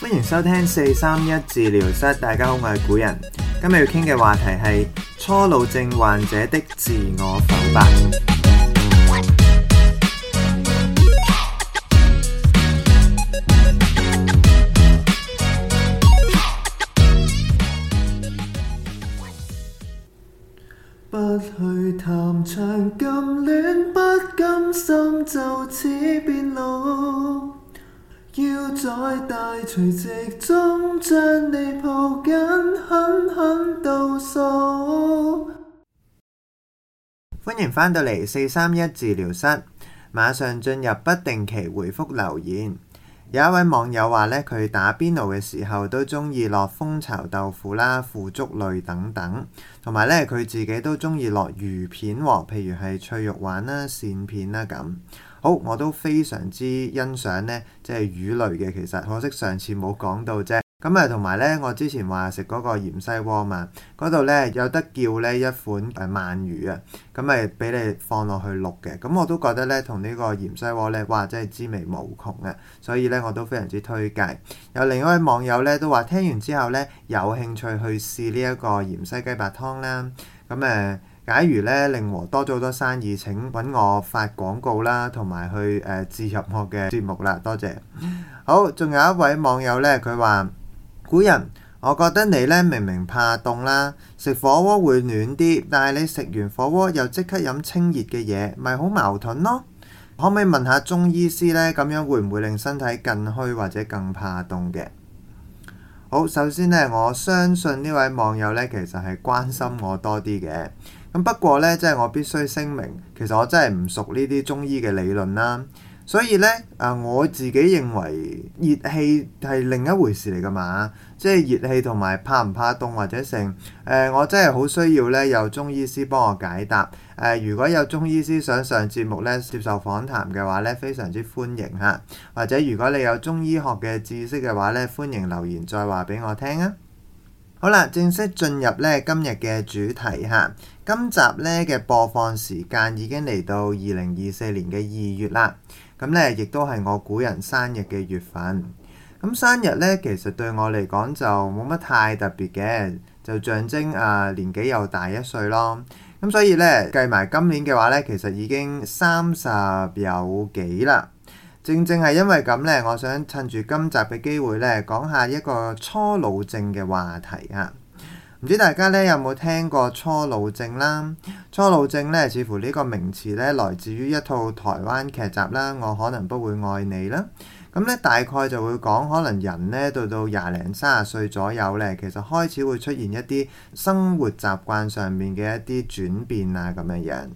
歡迎收聽四三一治療室，大家好，我係古人，今日要傾嘅話題係初老症患者的自我剖白。心就此變老，要在大除夕中將你抱緊，狠狠倒數。歡迎返到嚟四三一治療室，馬上進入不定期回覆留言。有一位網友話咧，佢打邊爐嘅時候都中意落蜂巢豆腐啦、腐竹類等等，同埋咧佢自己都中意落魚片喎、哦，譬如係脆肉丸啦、鱔片啦咁。好，我都非常之欣賞呢，即係魚類嘅，其實可惜上次冇講到啫。咁啊，同埋呢，我之前話食嗰個芫茜鍋嘛，嗰度呢有得叫呢一款誒鰻魚啊，咁咪俾你放落去淥嘅。咁、啊、我都覺得呢，同呢個芫茜鍋呢，哇，真係滋味無窮啊！所以呢，我都非常之推介。有另一位網友呢，都話，聽完之後呢，有興趣去試呢一個芫茜雞白湯啦。咁、啊、誒，假如呢，令和多咗好多生意，請揾我發廣告啦，同埋去誒置、呃、入我嘅節目啦。多謝。好，仲有一位網友呢，佢話。古人，我覺得你呢明明怕凍啦，食火鍋會暖啲，但係你食完火鍋又即刻飲清熱嘅嘢，咪好矛盾咯？可唔可以問下中醫師呢，咁樣會唔會令身體更虛或者更怕凍嘅？好，首先呢，我相信呢位網友呢其實係關心我多啲嘅。咁不過呢，即係我必須聲明，其實我真係唔熟呢啲中醫嘅理論啦。所以呢，誒我自己認為熱氣係另一回事嚟㗎嘛，即係熱氣同埋怕唔怕凍或者成，誒、呃，我真係好需要呢有中醫師幫我解答。誒、呃，如果有中醫師想上節目呢接受訪談嘅話呢，非常之歡迎嚇。或者如果你有中醫學嘅知識嘅話呢，歡迎留言再話俾我聽啊。好啦，正式進入呢今日嘅主題嚇。今集呢嘅播放時間已經嚟到二零二四年嘅二月啦。咁呢，亦都係我古人生日嘅月份。咁生日呢，其實對我嚟講就冇乜太特別嘅，就象徵啊年紀又大一歲咯。咁所以呢，計埋今年嘅話呢，其實已經三十有幾啦。正正係因為咁呢，我想趁住今集嘅機會呢，講下一個初老症嘅話題啊。唔知大家咧有冇聽過初老症啦？初老症咧，似乎呢個名詞咧來自於一套台灣劇集啦。我可能不會愛你啦。咁、嗯、咧大概就會講，可能人咧到到廿零三十歲左右咧，其實開始會出現一啲生活習慣上面嘅一啲轉變啊咁樣樣。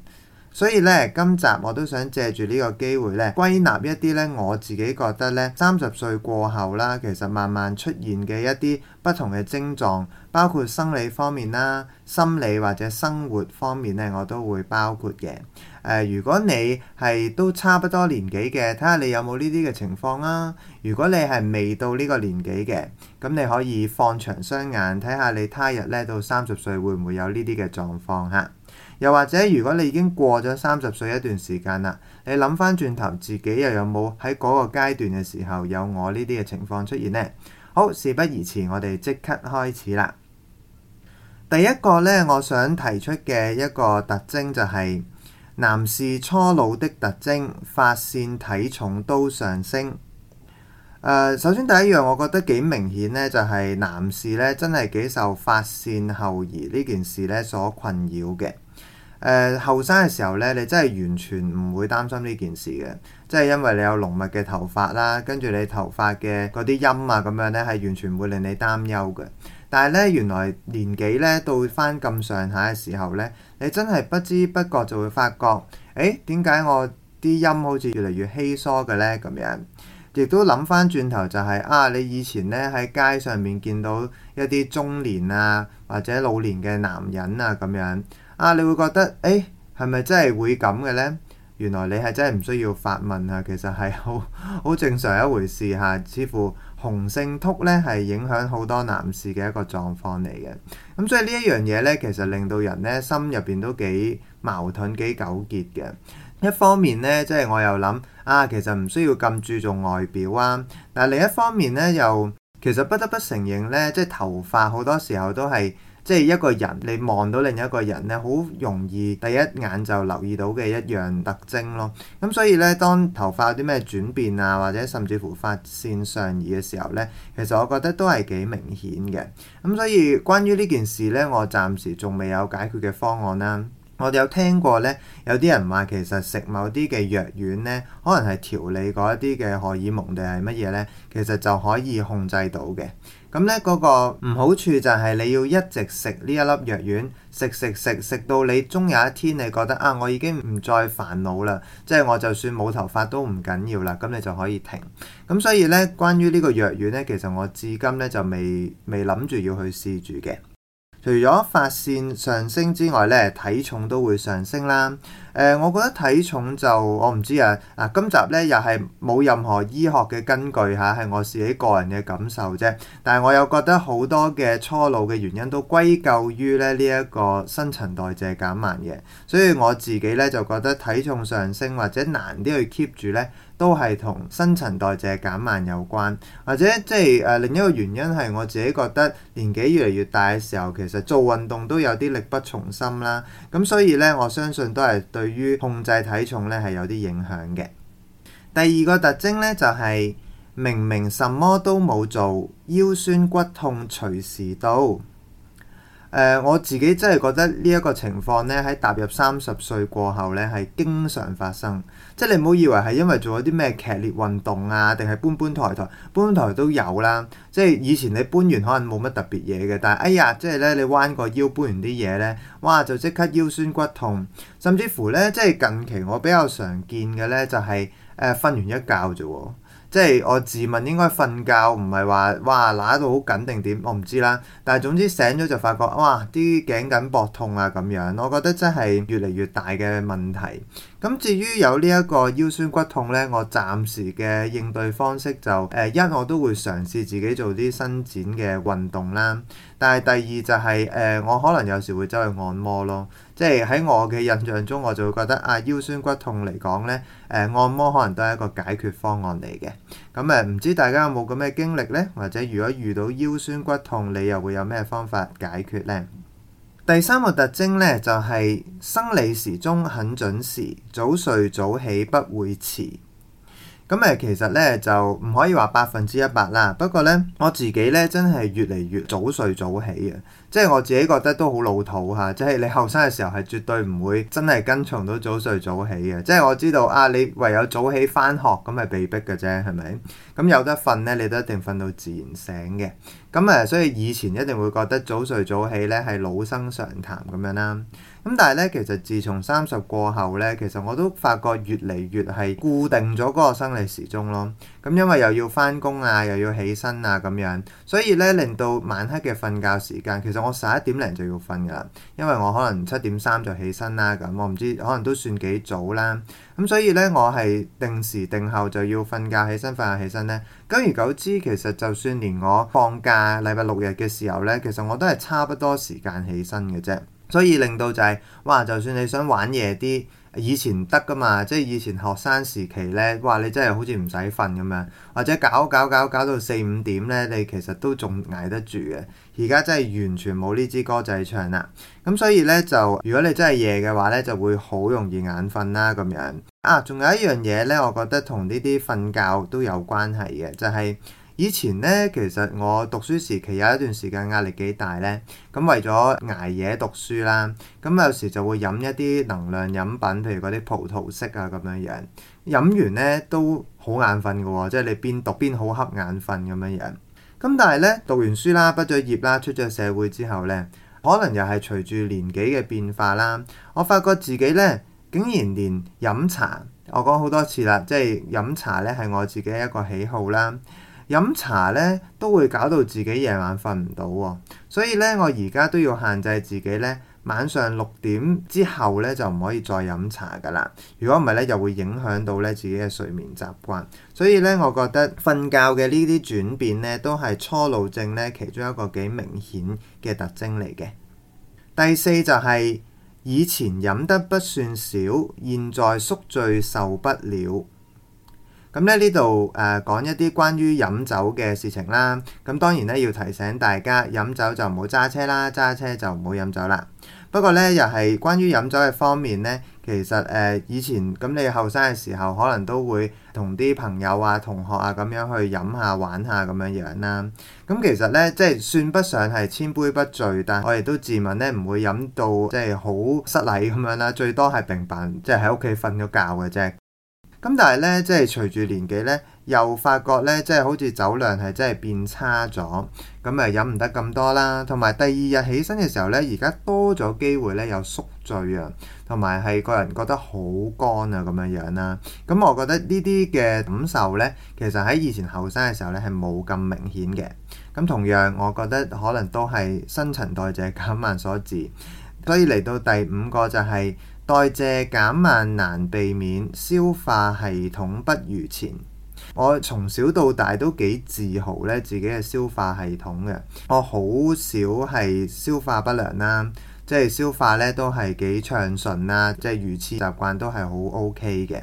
所以咧，今集我都想借住呢個機會咧，歸納一啲咧我自己覺得咧三十歲過後啦，其實慢慢出現嘅一啲不同嘅症狀，包括生理方面啦、心理或者生活方面咧，我都會包括嘅。誒、呃，如果你係都差不多年紀嘅，睇下你有冇呢啲嘅情況啦、啊。如果你係未到呢個年紀嘅，咁你可以放長雙眼睇下你他日咧到三十歲會唔會有呢啲嘅狀況嚇。又或者，如果你已經過咗三十歲一段時間啦，你諗翻轉頭，自己又有冇喺嗰個階段嘅時候有我呢啲嘅情況出現呢？好，事不宜遲，我哋即刻開始啦。第一個呢，我想提出嘅一個特徵就係男士初老的特徵，發線體重都上升。呃，首先第一樣，我覺得幾明顯呢，就係男士呢真係幾受發線後移呢件事呢所困擾嘅。誒後生嘅時候呢，你真係完全唔會擔心呢件事嘅，即係因為你有濃密嘅頭髮啦，跟住你頭髮嘅嗰啲音啊咁樣呢，係完全唔會令你擔憂嘅。但係呢，原來年紀呢到翻咁上下嘅時候呢，你真係不知不覺就會發覺，「誒點解我啲音好似越嚟越稀疏嘅呢？」咁樣亦都諗翻轉頭就係、是、啊，你以前呢喺街上面見到一啲中年啊或者老年嘅男人啊咁樣。啊！你會覺得，誒係咪真係會咁嘅呢？原來你係真係唔需要發問啊！其實係好好正常一回事嚇、啊，似乎雄性禿呢係影響好多男士嘅一個狀況嚟嘅。咁、嗯、所以呢一樣嘢呢，其實令到人呢心入邊都幾矛盾、幾糾結嘅。一方面呢，即、就、係、是、我又諗啊，其實唔需要咁注重外表啊。但另一方面呢，又其實不得不承認呢，即、就、係、是、頭髮好多時候都係。即係一個人，你望到另一個人呢，好容易第一眼就留意到嘅一樣特徵咯。咁所以呢，當頭髮有啲咩轉變啊，或者甚至乎發線上移嘅時候呢，其實我覺得都係幾明顯嘅。咁所以關於呢件事呢，我暫時仲未有解決嘅方案啦。我哋有聽過呢，有啲人話其實食某啲嘅藥丸呢，可能係調理嗰一啲嘅荷爾蒙定係乜嘢呢，其實就可以控制到嘅。咁呢嗰個唔好處就係你要一直食呢一粒藥丸，食食食食到你終有一天你覺得啊，我已經唔再煩惱啦，即係我就算冇頭髮都唔緊要啦，咁你就可以停。咁所以呢，關於呢個藥丸呢，其實我至今呢就未未諗住要去試住嘅。除咗髮線上升之外咧，體重都會上升啦。誒、呃，我覺得體重就我唔知啊。嗱，今集咧又係冇任何醫學嘅根據嚇，係、啊、我自己個人嘅感受啫。但係我又覺得好多嘅初老嘅原因都歸咎於咧呢一、這個新陳代謝減慢嘅，所以我自己咧就覺得體重上升或者難啲去 keep 住咧。都係同新陳代謝減慢有關，或者即係誒另一個原因係我自己覺得年紀越嚟越大嘅時候，其實做運動都有啲力不從心啦。咁所以呢，我相信都係對於控制體重呢係有啲影響嘅。第二個特徵呢，就係明明什麼都冇做，腰酸骨痛隨時到。誒、呃、我自己真係覺得呢一個情況咧，喺踏入三十歲過後咧，係經常發生。即係你唔好以為係因為做咗啲咩劇烈運動啊，定係搬搬抬抬，搬搬抬都有啦。即係以前你搬完可能冇乜特別嘢嘅，但係哎呀，即係咧你彎個腰搬完啲嘢咧，哇就即刻腰酸骨痛，甚至乎咧即係近期我比較常見嘅咧就係誒瞓完一覺啫喎。即係我自問應該瞓覺唔係話哇攔到好緊，定點，我唔知啦。但係總之醒咗就發覺哇，啲頸緊膊痛啊咁樣，我覺得真係越嚟越大嘅問題。咁至於有呢一個腰酸骨痛呢，我暫時嘅應對方式就誒、呃、一，我都會嘗試自己做啲伸展嘅運動啦。但係第二就係、是、誒、呃，我可能有時會走去按摩咯。即係喺我嘅印象中，我就會覺得啊，腰酸骨痛嚟講呢，誒、呃、按摩可能都係一個解決方案嚟嘅。咁、嗯、誒，唔知大家有冇咁嘅經歷呢？或者如果遇到腰酸骨痛，你又會有咩方法解決呢？第三個特徵呢，就係生理時鐘很準時，早睡早起不會遲。咁誒，其實呢，就唔可以話百分之一百啦。不過呢，我自己呢，真係越嚟越早睡早起啊。即係我自己覺得都好老土吓，即係你後生嘅時候係絕對唔會真係跟從到早睡早起嘅。即係我知道啊，你唯有早起返學咁係被逼嘅啫，係咪？咁有得瞓呢，你都一定瞓到自然醒嘅。咁誒，所以以前一定會覺得早睡早起呢係老生常談咁樣啦。咁但係呢，其實自從三十過後呢，其實我都發覺越嚟越係固定咗嗰個生理時鐘咯。咁因為又要翻工啊，又要起身啊，咁樣，所以咧令到晚黑嘅瞓覺時間，其實我十一點零就要瞓噶啦，因為我可能七點三就起身啦，咁我唔知可能都算幾早啦。咁所以咧，我係定時定候就要瞓覺起身，瞓覺起身咧。久而久之，其實就算連我放假禮拜六日嘅時候咧，其實我都係差唔多時間起身嘅啫。所以令到就係、是，哇！就算你想玩夜啲。以前得㗎嘛，即係以前學生時期呢，哇！你真係好似唔使瞓咁樣，或者搞搞搞搞到四五點呢，你其實都仲捱得住嘅。而家真係完全冇呢支歌仔唱啦，咁所以呢，就，如果你真係夜嘅話呢，就會好容易眼瞓啦咁樣。啊，仲有一樣嘢呢，我覺得同呢啲瞓覺都有關係嘅，就係、是。以前呢，其實我讀書時期有一段時間壓力幾大呢。咁為咗捱夜讀書啦，咁有時就會飲一啲能量飲品，譬如嗰啲葡萄適啊咁樣樣。飲完呢都好眼瞓嘅喎，即係你邊讀邊好黑眼瞓咁樣樣。咁但係呢，讀完書啦，畢咗業啦，出咗社會之後呢，可能又係隨住年紀嘅變化啦，我發覺自己呢，竟然連飲茶，我講好多次啦，即係飲茶呢係我自己一個喜好啦。飲茶呢都會搞到自己夜晚瞓唔到喎。哦，所以呢，我而家都要限制自己呢，晚上六點之後呢就唔可以再飲茶㗎喇。如果唔係呢，又會影響到呢自己嘅睡眠習慣。所以呢，我覺得瞓覺嘅呢啲轉變呢都係初老症呢其中一個幾明顯嘅特徵嚟嘅。第四就係、是、以前飲得不算少，現在宿醉受不了。咁咧呢度誒講一啲關於飲酒嘅事情啦。咁當然咧要提醒大家，飲酒就唔好揸車啦，揸車就唔好飲酒啦。不過呢，又係關於飲酒嘅方面呢。其實誒、呃、以前咁你後生嘅時候，可能都會同啲朋友啊、同學啊咁樣去飲下、玩下咁樣樣啦。咁其實呢，即係算不上係千杯不醉，但係我哋都自問呢，唔會飲到即係好失禮咁樣啦。最多係平凡，即係喺屋企瞓咗覺嘅啫。咁但係咧，即係隨住年紀咧，又發覺咧，即係好似酒量係真係變差咗，咁啊飲唔得咁多啦。同埋第二日起身嘅時候咧，而家多咗機會咧有宿醉啊，同埋係個人覺得好乾啊咁樣樣啦。咁我覺得呢啲嘅感受咧，其實喺以前後生嘅時候咧，係冇咁明顯嘅。咁同樣我覺得可能都係新陳代謝減慢所致。所以嚟到第五個就係、是。代謝減慢難避免，消化系統不如前。我從小到大都幾自豪咧，自己嘅消化系統嘅。我好少係消化不良啦，即係消化咧都係幾暢順啦，即係魚翅習慣都係好 OK 嘅。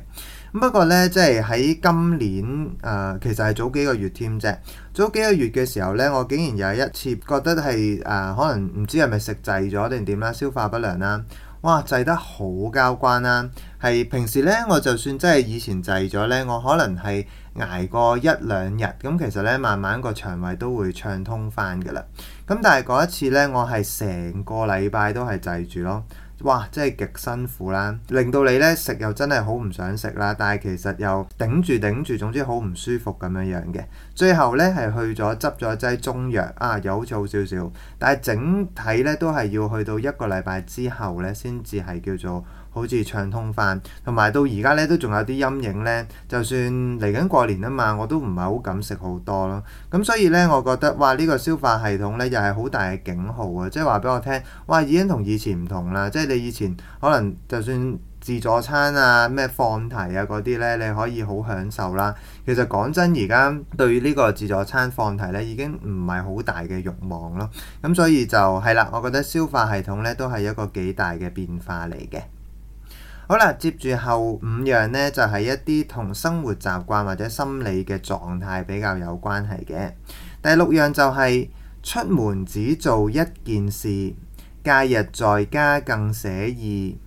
不過呢，即係喺今年誒、呃，其實係早幾個月添啫。早幾個月嘅時候呢，我竟然有一次覺得係誒、呃，可能唔知係咪食滯咗定點啦，消化不良啦。哇，滯得好交關啦！係平時呢，我就算真係以前滯咗呢，我可能係捱過一兩日，咁其實呢，慢慢個腸胃都會暢通翻㗎啦。咁但係嗰一次呢，我係成個禮拜都係滯住咯。哇！真係極辛苦啦，令到你呢食又真係好唔想食啦，但係其實又頂住頂住，總之好唔舒服咁樣樣嘅。最後呢係去咗執咗劑中藥啊，又好似好少少，但係整體呢都係要去到一個禮拜之後呢先至係叫做。好似暢通翻，同埋到而家咧都仲有啲陰影呢。就算嚟緊過年啊嘛，我都唔係好敢食好多咯。咁所以呢，我覺得哇，呢個消化系統呢，又係好大嘅警號啊！即係話俾我聽，哇已經同以前唔同啦。即係你以前可能就算自助餐啊、咩放題啊嗰啲呢，你可以好享受啦。其實講真，而家對呢個自助餐放題呢，已經唔係好大嘅慾望咯。咁所以就係啦，我覺得消化系統呢，都係一個幾大嘅變化嚟嘅。好啦，接住後五樣呢，就係一啲同生活習慣或者心理嘅狀態比較有關係嘅。第六樣就係出門只做一件事，假日在家更寫意。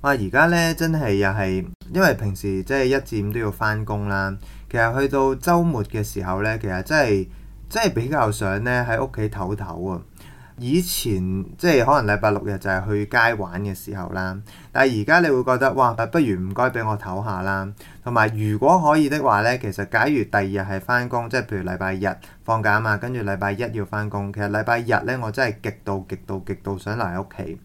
哇！而家呢，真係又係，因為平時即係一至五都要返工啦，其實去到週末嘅時候呢，其實真係真係比較想呢喺屋企唞唞啊！以前即係可能禮拜六日就係去街玩嘅時候啦，但係而家你會覺得哇，不如唔該俾我唞下啦。同埋如果可以的話呢，其實假如第二日係翻工，即係譬如禮拜日放假啊嘛，跟住禮拜一要翻工。其實禮拜日呢，我真係極度極度極度想留喺屋企。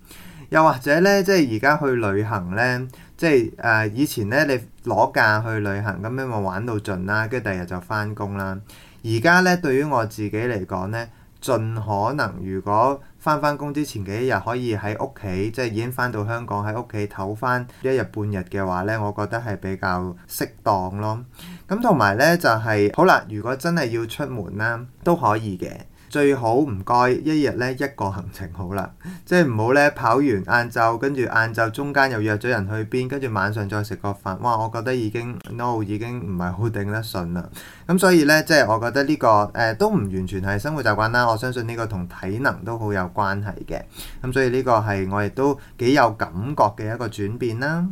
又或者呢，即係而家去旅行呢，即係誒、呃、以前呢，你攞假去旅行咁樣我玩到盡啦，跟住第二日就翻工啦。而家呢，對於我自己嚟講呢，盡可能，如果翻返工之前幾日可以喺屋企，即係已經翻到香港喺屋企唞翻一日半日嘅話呢，我覺得係比較適當咯。咁同埋呢，就係好啦，如果真係要出門啦，都可以嘅。最好唔該，一日呢一個行程好啦，即係唔好呢跑完晏晝，跟住晏晝中間又約咗人去邊，跟住晚上再食個飯。哇！我覺得已經 no 已經唔係好頂得順啦。咁所以呢，即係我覺得呢個誒都唔完全係生活習慣啦。我相信呢個同體能都好有關係嘅。咁所以呢個係我亦都幾有感覺嘅一個轉變啦。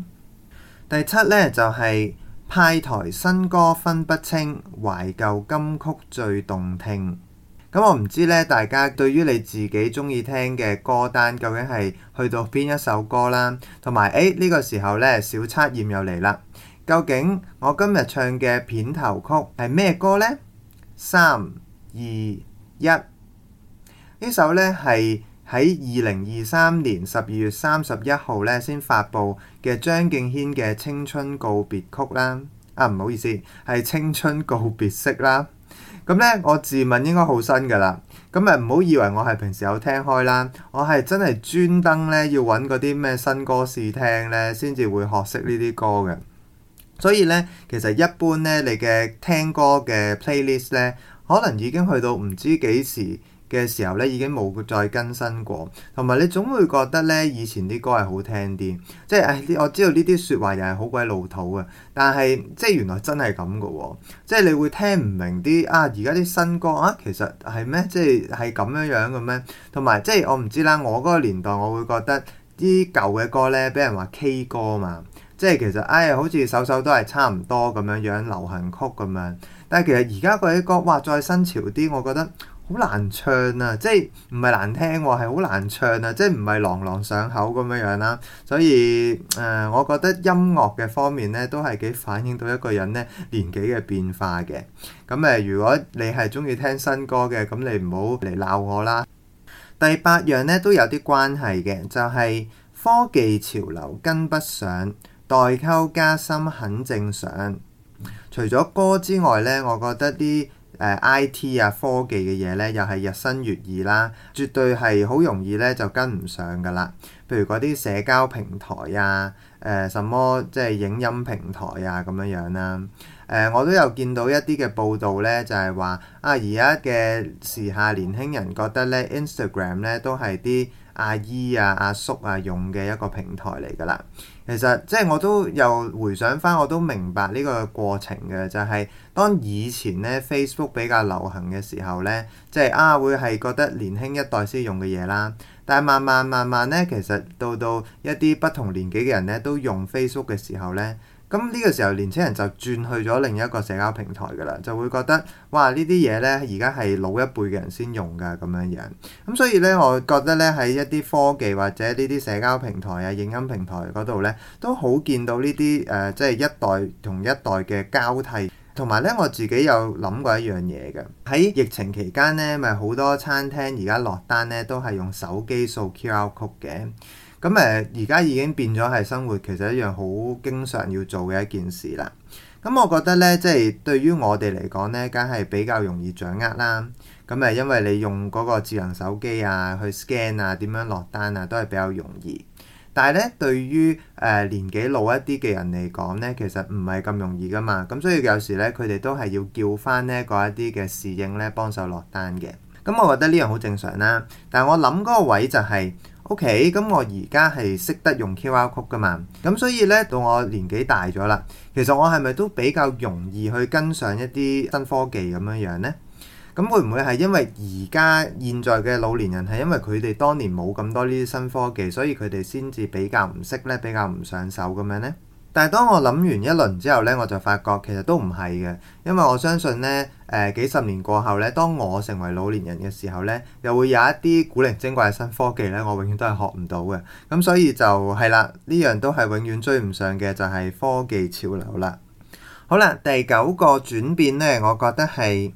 第七呢，就係派台新歌分不清，懷舊金曲最動聽。咁、嗯、我唔知呢，大家對於你自己中意聽嘅歌單，究竟係去到邊一首歌啦？同埋，誒、哎、呢、呢個時候呢，小測驗又嚟啦！究竟我今日唱嘅片頭曲係咩歌呢？三二一，呢首呢係喺二零二三年十二月三十一號呢先發布嘅張敬軒嘅《青春告別曲》啦。啊，唔好意思，係《青春告別式》啦。咁咧，我自問應該好新㗎喇。咁誒，唔好以為我係平時有聽開啦，我係真係專登咧要揾嗰啲咩新歌試聽咧，先至會學識呢啲歌嘅。所以咧，其實一般咧，你嘅聽歌嘅 playlist 咧，可能已經去到唔知幾時嘅時候咧，已經冇再更新過，同埋你總會覺得咧，以前啲歌係好聽啲，即係誒，我知道呢啲說話又係好鬼老土嘅，但係即係原來真係咁嘅喎，即係你會聽唔明啲啊，而家啲新歌啊，其實係咩？即係係咁樣樣嘅咩？同埋即係我唔知啦，我嗰個年代，我會覺得啲舊嘅歌咧，俾人話 K 歌嘛，即係其實誒，好似首首都係差唔多咁樣樣流行曲咁樣，但係其實而家嗰啲歌哇，再新潮啲，我覺得。好難唱啊！即係唔係難聽喎，係好難唱啊！即係唔係朗朗上口咁樣樣啦。所以誒，我覺得音樂嘅方面呢，都係幾反映到一個人呢年紀嘅變化嘅。咁誒，如果你係中意聽新歌嘅，咁你唔好嚟鬧我啦。第八樣呢都有啲關係嘅，就係科技潮流跟不上，代溝加深很正常。除咗歌之外呢，我覺得啲。誒、uh, I.T. 啊科技嘅嘢呢又係日新月異啦，絕對係好容易呢就跟唔上噶啦。譬如嗰啲社交平台啊，誒、呃、什麼即係、就是、影音平台啊咁樣樣、啊、啦。誒、呃、我都有見到一啲嘅報道呢，就係、是、話啊而家嘅時下年輕人覺得呢 Instagram 呢都係啲。阿姨啊、阿、啊、叔啊用嘅一個平台嚟㗎啦。其實即係我都又回想翻，我都明白呢個過程嘅，就係、是、當以前呢 Facebook 比較流行嘅時候呢，即係啊會係覺得年輕一代先用嘅嘢啦。但係慢慢慢慢呢，其實到到一啲不同年紀嘅人呢，都用 Facebook 嘅時候呢。咁呢個時候，年青人就轉去咗另一個社交平台㗎啦，就會覺得哇，呢啲嘢呢，而家係老一輩嘅人先用㗎咁樣樣。咁所以呢，我覺得呢喺一啲科技或者呢啲社交平台啊、影音平台嗰度呢，都好見到呢啲誒，即係一代同一代嘅交替。同埋呢，我自己有諗過一樣嘢嘅，喺疫情期間呢，咪好多餐廳而家落單呢，都係用手機掃 QR code 嘅。咁誒，而家已經變咗係生活，其實一樣好經常要做嘅一件事啦。咁我覺得呢，即係對於我哋嚟講呢，梗係比較容易掌握啦。咁誒，因為你用嗰個智能手機啊，去 scan 啊，點樣落單啊，都係比較容易。但係呢，對於誒、呃、年紀老一啲嘅人嚟講呢，其實唔係咁容易㗎嘛。咁所以有時呢，佢哋都係要叫返呢嗰一啲嘅侍應呢幫手落單嘅。咁我覺得呢樣好正常啦。但係我諗嗰個位就係。OK，咁我而家係識得用 QR Code 㗎嘛，咁所以呢，到我年紀大咗啦，其實我係咪都比較容易去跟上一啲新科技咁樣樣呢？咁會唔會係因為而家現在嘅老年人係因為佢哋當年冇咁多呢啲新科技，所以佢哋先至比較唔識呢，比較唔上手咁樣呢？但係當我諗完一輪之後呢，我就發覺其實都唔係嘅，因為我相信呢誒、呃、幾十年過後呢，當我成為老年人嘅時候呢，又會有一啲古靈精怪嘅新科技呢，我永遠都係學唔到嘅，咁所以就係啦，呢樣都係永遠追唔上嘅，就係、是、科技潮流啦。好啦，第九個轉變呢，我覺得係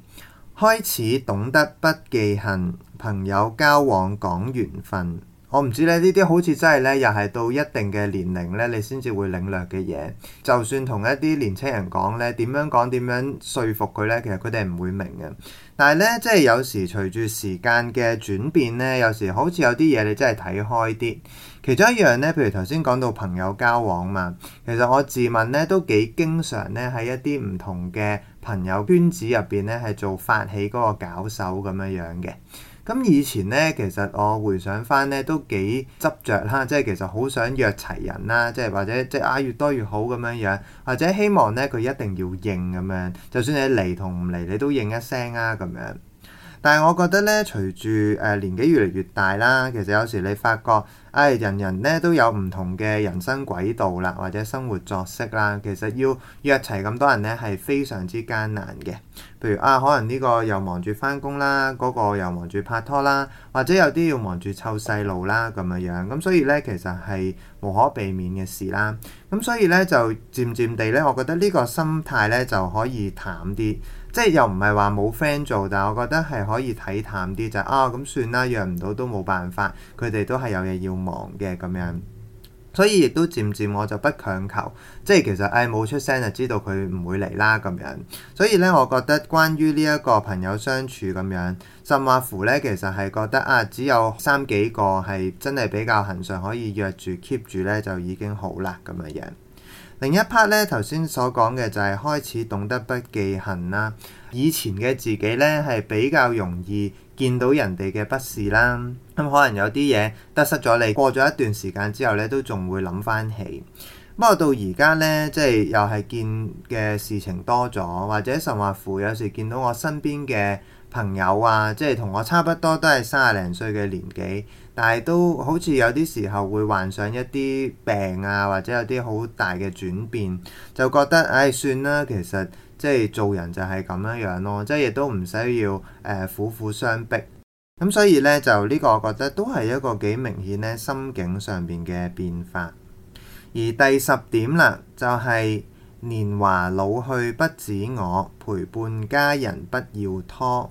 開始懂得不記恨，朋友交往講緣分。我唔知咧，呢啲好似真係咧，又係到一定嘅年齡咧，你先至會領略嘅嘢。就算同一啲年青人講咧，點樣講點樣說服佢咧，其實佢哋唔會明嘅。但係咧，即係有時隨住時間嘅轉變咧，有時好似有啲嘢你真係睇開啲。其中一樣咧，譬如頭先講到朋友交往嘛，其實我自問咧都幾經常咧喺一啲唔同嘅朋友圈子入邊咧，係做發起嗰個攪手咁樣樣嘅。咁以前呢，其實我回想翻呢，都幾執着啦，即係其實好想約齊人啦，即係或者即係啊越多越好咁樣樣，或者希望呢，佢一定要應咁樣，就算你嚟同唔嚟，你都應一聲啊咁樣。但係我覺得呢，隨住誒年紀越嚟越大啦，其實有時你發覺。唉，人人咧都有唔同嘅人生軌道啦，或者生活作息啦，其實要約齊咁多人咧係非常之艱難嘅。譬如啊，可能呢個又忙住翻工啦，嗰個又忙住拍拖啦，或者有啲要忙住湊細路啦咁樣樣。咁所以咧，其實係無可避免嘅事啦。咁所以咧就漸漸地咧，我覺得呢個心態咧就可以淡啲，即係又唔係話冇 friend 做，但係我覺得係可以睇淡啲就啊，咁算啦，約唔到都冇辦法，佢哋都係有嘢要忙嘅咁樣，所以亦都漸漸我就不強求，即係其實，唉，冇出聲就知道佢唔會嚟啦咁樣，所以呢，我覺得關於呢一個朋友相處咁樣，甚或乎呢，其實係覺得啊只有三幾個係真係比較恆常可以約住 keep 住呢，就已經好啦咁嘅樣。另一 part 呢，頭先所講嘅就係開始懂得不記恨啦，以前嘅自己呢，係比較容易。見到人哋嘅不是啦，咁可能有啲嘢得失咗你，過咗一段時間之後呢，都仲會諗返起。不過到而家呢，即係又係見嘅事情多咗，或者甚或乎有時見到我身邊嘅朋友啊，即係同我差唔多都係三十零歲嘅年紀，但係都好似有啲時候會患上一啲病啊，或者有啲好大嘅轉變，就覺得唉，算啦，其實。即係做人就係咁樣樣咯，即係亦都唔需要、呃、苦苦相逼，咁所以呢，就呢個，我覺得都係一個幾明顯咧，心境上邊嘅變化。而第十點啦，就係、是、年華老去不止我，陪伴家人不要拖。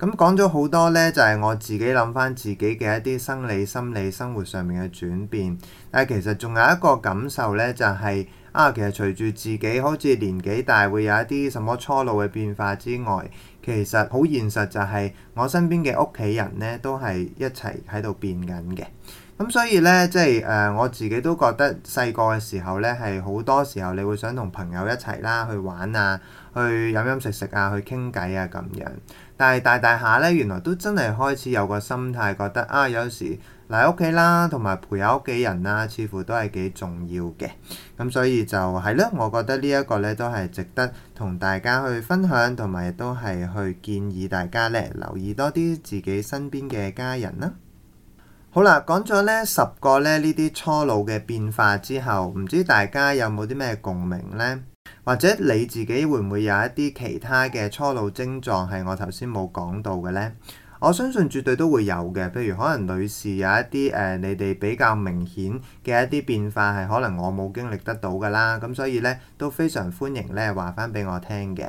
咁講咗好多呢，就係、是、我自己諗翻自己嘅一啲生理、心理、生活上面嘅轉變。但係其實仲有一個感受呢，就係、是。啊，其實隨住自己好似年紀大，會有一啲什麼初老嘅變化之外，其實好現實就係我身邊嘅屋企人呢，都係一齊喺度變緊嘅。咁所以呢，即係誒，我自己都覺得細個嘅時候呢，係好多時候你會想同朋友一齊啦，去玩啊，去飲飲食食啊，去傾偈啊咁樣。但係大大下呢，原來都真係開始有個心態覺得啊，有時。嚟，屋企啦，同埋陪下屋企人啦，似乎都係幾重要嘅。咁所以就係咯，我覺得呢一個呢，都係值得同大家去分享，同埋都係去建議大家呢，留意多啲自己身邊嘅家人啦。好啦，講咗呢十個呢呢啲初老嘅變化之後，唔知大家有冇啲咩共鳴呢？或者你自己會唔會有一啲其他嘅初老症狀係我頭先冇講到嘅呢？我相信絕對都會有嘅，譬如可能女士有一啲誒、呃，你哋比較明顯嘅一啲變化係可能我冇經歷得到噶啦。咁所以呢，都非常歡迎呢話翻俾我聽嘅。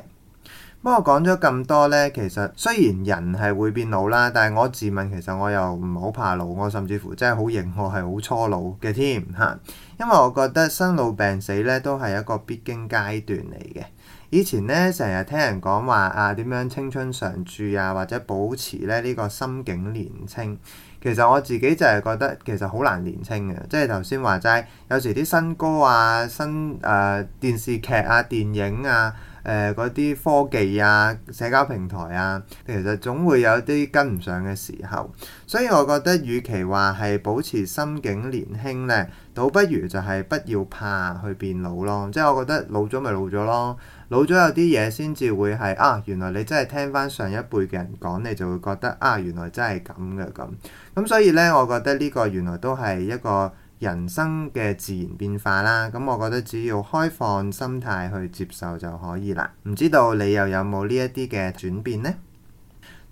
不過講咗咁多呢，其實雖然人係會變老啦，但係我自問其實我又唔係好怕老，我甚至乎真係好認我係好初老嘅添嚇，因為我覺得生老病死呢，都係一個必經階段嚟嘅。以前咧，成日聽人講話啊，點樣青春常駐啊，或者保持咧呢個心境年青。其實我自己就係覺得其實好難年青嘅，即係頭先話齋，有時啲新歌啊、新誒、呃、電視劇啊、電影啊、誒嗰啲科技啊、社交平台啊，其實總會有啲跟唔上嘅時候。所以我覺得，與其話係保持心境年輕呢，倒不如就係不要怕去變老咯。即係我覺得老咗咪老咗咯。老咗有啲嘢先至會係啊，原來你真係聽翻上一輩嘅人講，你就會覺得啊，原來真係咁嘅咁咁，所以呢，我覺得呢個原來都係一個人生嘅自然變化啦。咁我覺得只要開放心態去接受就可以啦。唔知道你又有冇呢一啲嘅轉變呢？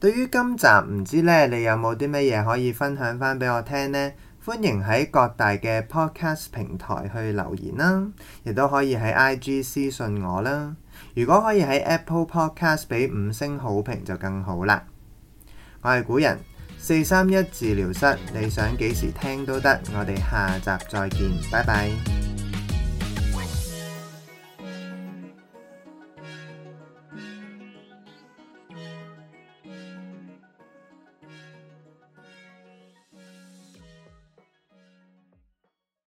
對於今集唔知呢你有冇啲咩嘢可以分享翻俾我聽呢？歡迎喺各大嘅 podcast 平台去留言啦，亦都可以喺 IG 私信我啦。如果可以喺 Apple Podcast 俾五星好評就更好啦！我係古人，四三一治療室，你想幾時聽都得，我哋下集再見，拜拜。